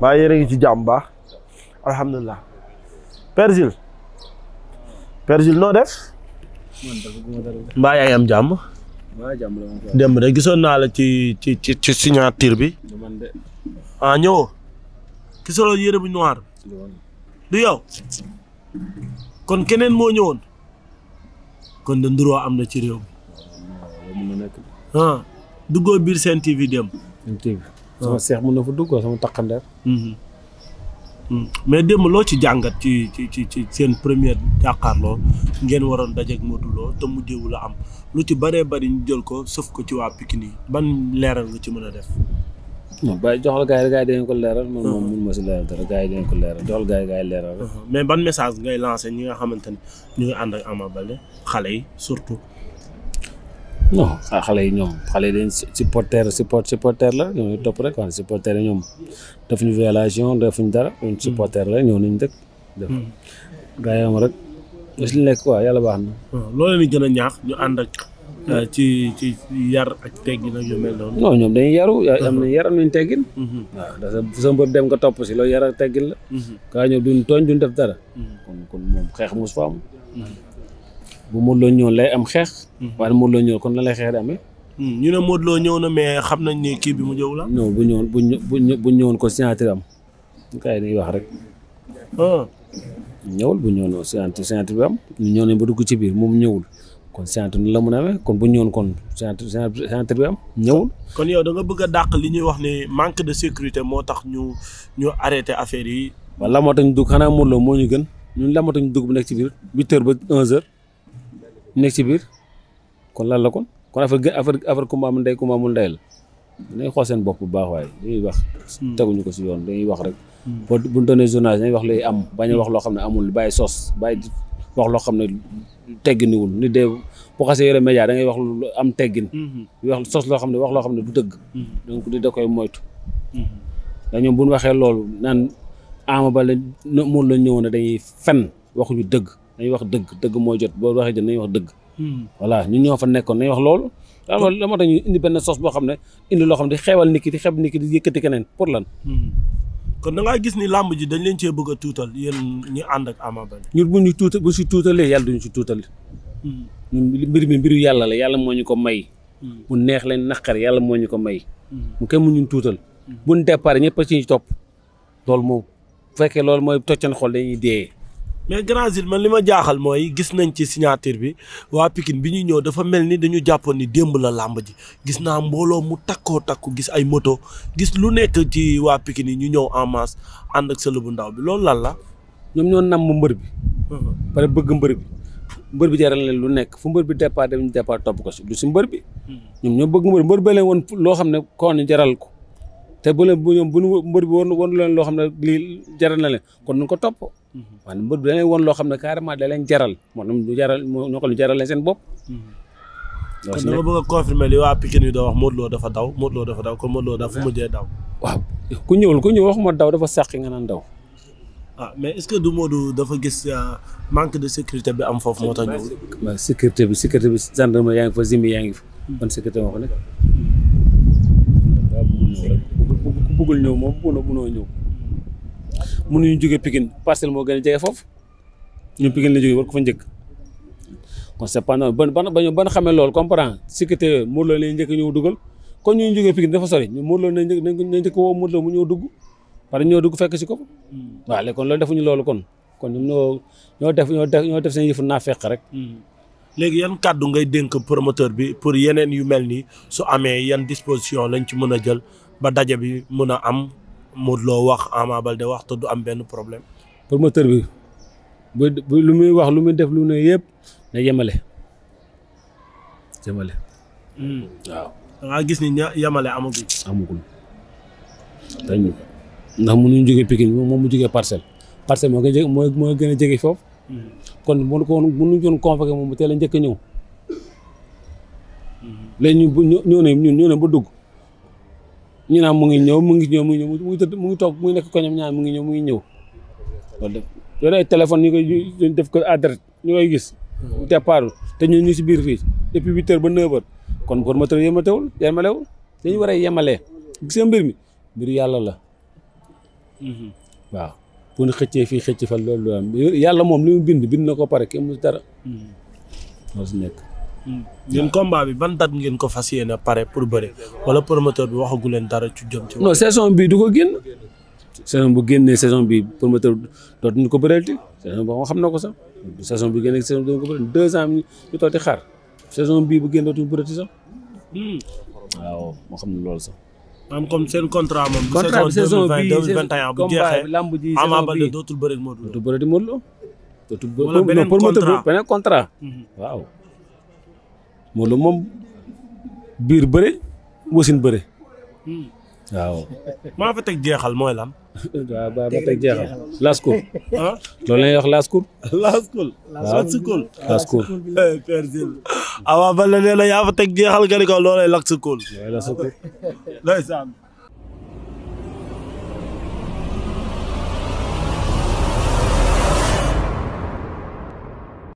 baa yéen a ci jàmm baax alhamdulilah Père Jules Père Jules noo def am jàmm démb de gisoon naa la ci ci ci ci signature bi ah ñëwoo gisaloon yére bu noir du yow kon keneen moo ñëwoon kon da nduroo am na ci réew mi ah duggoo biir seen TV démb sama seex mën na fa dugg sama takkandeer. Mhm. Mhm. mais démb loo ci jàngat ci ci ci ci seen première jàkkaarloo ngeen waroon dajeeg Modou Lo te mujjewu la am lu ci baree bari ñu jël ko sëf ko ci waa Pikine yi ban leeral nga ci mën a def. non bàyyi joxal gars yi gars yi dañu ko leeral. man moom mhm. mun ma yi dañu ko leeral joxal gars mais ban message ngay lancé ñi nga xamante ni ñu ngi ànd ak Ama Baldé xale yi surtout. non xale yi ñoom xale yi dañ supporter support supporter la ñoo topp rek waaye supporter yi ñoom defuñu la ñoo nañ dëkk. def hmm. gaa yi am rek bés li nekk quoi yàlla baax na. Hmm, loolu la gën a ñaax ñu ànd ak euh, ci ci yar ak teggin ak ñu mel noonu. non ñoom dañuy yaru am hmm. nañ yar am nañ teggin. waaw parce que sa mbër dem nga topp si loolu yar ak teggin la. gaa ñoom duñ tooñ duñ def dara. kon kon moom xeex mos fa bu Modou Lo ñëwoon lay am xeex. Mhm. waaye Modou Lo ñëw kon lan lay xeex di hmm, ñu ne Modou Lo ñëw na mais xam nañ ne kii bi mu ñëw la. Ah. bu ñëwoon bu ñu bu ñëwoon ko signature am kay dañuy wax rek. Ah. ñëwul bu ñëwoon signature signature bi am ñu ñëw nañ ba dugg ci biir moom ñëwul. kon centre la mun a amee kon bu ñëwoon kon centre centre bi am ñëwul. kon yow da bëgg a dàq li ñuy wax ne manque de sécurité moo tax ñu ñu arrêté affaire yi. waaw lamatañ dugg xanaa Modou Lo moo ñu gën ñun lamatañ dugg bu nekk ci biir huit heures ba onze heures nekk ci biir kon la kon kon affaire gën affaire affaire ku ma la dañuy xool seen bopp bu baax waaye dañuy wax. Hmm. teguñu ko si yoon dañuy wax rek. Hmm. boo bu ñu doonee journaliste dañuy wax luy am bañ a wax loo xam ne amul bàyyi sos bàyyi wax loo xam ne tegginiwul ni dee bu xasee yore média da ngay wax lu am teggin. Hmm. wax sos loo xam ne wax loo xam ne du dëgg. donc di da koy moytu. ndax ñoom bu ñu waxee loolu naan Ama Baldé moom la ñëwoon ne dañuy fen waxuñu dëgg. nañ wax dëgg dëgg mooy jot boo waxee jot nañ wax dëgg hmm. voilà ñun ñoo fa nekkoon nañ wax loolu da la moo tax ñu indi benn sos boo xam ne indi loo xam ne di xeewal nit ki di xeeb nit ki hmm. da ngaa gis ni làmb ji dañ leen cee bëgg a tuutal yéen duñu si tuutal hmm. mbir mi mbiru yàlla la yàlla moo ñu ko may mu neex leen naqar yàlla moo ñu ko may mu kenn mu ñun tuutal buñ départ ñëpp a ci topp loolu moom bu fekkee loolu mooy toccan xol dañuy dee mais Grand Jules man li ma jaaxal mooy gis nañ ci signature bi waa pikin bi ñuy ñëw dafa mel ni dañu jàppoon ni démb la làmb ji gis naa mbooloo mu takkoo takku gis ay moto gis lu nekk ci waa Pikine yi ñu ñëw en mas ànd ak sëlu bu ndaw bi loolu lan la. ñoom ñoo namm mbër bi. Uh-huh. pare bëgg mbër bi. mbër bi jaral leen lu nekk fu mbër bi départ dem départ topp ko si du si mbër bi. Hmm. ñoom bëgg mbër mbër ba woon loo xam ne kon jaral ko te bu bu ñoom bu mbër bi woon leen loo xam ne lii jaral na leen kon nañ ko topp. waaye mm-hmm. mbër bi da leen woon loo xam ne carrément da leen jaral moo tax ñu jaral ñoo ko jaral leen seen bopp. Mm-hmm. kon da nga bëgg a confirmer li waa Pikine yi doo wax Modou Lo dafa daw Modou Lo dafa daw kon Modou Lo dafa mujjee daw. waaw ku ñëwul ku ñëw waxuma daw dafa sàq nga naan daw. ah mais est-ce que du Modou dafa gis euh, manque de sécurité bi am foofu moo tax ñëwul. waaw sécurité bi sécurité bi gendarmerie yaa ngi fa zimmi yaa ngi fa. kon mm-hmm. sécurité moo ko nekk. waaw bëggul ñëw rek bëggul ñëw moom mënoo mënoo ñëw. mënuñu jógee Pikine parcelle moo gën a jege foofu ñun Pikine la jógee war ko fa njëkk kon c'est ba non ban ban ban xamee loolu comprendre sécurité Modou Lo lañ njëkk ñëw dugal kon ñuy jógee Pikine dafa sori ñu Modou Lo nañ njëkk nañ njëkk woo Modou Lo mu ñëw dugg parce que ñoo dugg fekk ko hmm. waaw léegi kon loolu defuñu loolu kon kon ñoom ñoo ñoo def ñoo def ñoo def seen yëfu naa fekk rek hmm. léegi yan kàddu ngay dénk promoteur bi pour yeneen yu mel nii su amee yan disposition lañ ci mën a jël ba daje bi mën a am Modou Lo wax Ama Baldé wax te du am benn problème. pour promoteur bi bu lu muy wax lu muy def lu ne yëpp na yemale yemale. Hmm. waaw gis ni yemale amagul. amagul te ñu ndax mënuñ jógee Pikine moom mu jugee parcelle parcelle moo gën moo gën a jege foofu. Hmm. kon mënu ko mënuñ doon convoqué moom mu teel a njëkk a ñëw. Hmm. léegi ñu ñëw nañ ñun ñëw nañ ba dugg. ñu naa mu ngi ñëw mu ngi ñëw mu ngi mu ngi tëdd ngi toog mu ngi nekk koñam ñaan mu ngi ñëw mu ngi ñëw loolu def téléphone ñu def ko à direct ñu koy gis hmm. départ te ñu ñu si biir fii depuis huit heures ba neuf heures kon promoteur yematewul yemalewul dañu war a yemale gis nga mi mbir yàlla la hmm. waaw bu ñu xëccee fii xëcc fa loolu yàlla moom li mu bind bind na ko pare kenn mu dara si hmm. nekk ñun combat bi ban date ngeen ko fas yéene pare pour bëre wala promoteur bi waxagu leen dara ci jëm ci. non saison bii du ko génn saison bu génnee saison bi promoteur dootuñu ko bëreelti saison boo xam na ko sax saison bi génnee saison dootuñu ko bëreel deux ans ñu toog di xaar génn dootuñu bëreelti sax. Hmm. waaw xam ne loolu sax. maanaam seen contrat moom. contrat bi saison bii bu jeexee dootul bëreeg Modou Lô. dootul bëreeg Modou Lô. dootul bëreeg beneen contrat contrat hmm. waaw. Modou Lo moom biir bëre wasin bëre. Hmm. waaw. maa fa teg jeexal mooy lan. waaw ba ma teg jeexal laskul. ah loolu wax laskul. laskul. laskul laskul. Eh, persil ah waaw ba léeg-léeg yaa fa teg jeexal nga ni ko loolay laskul.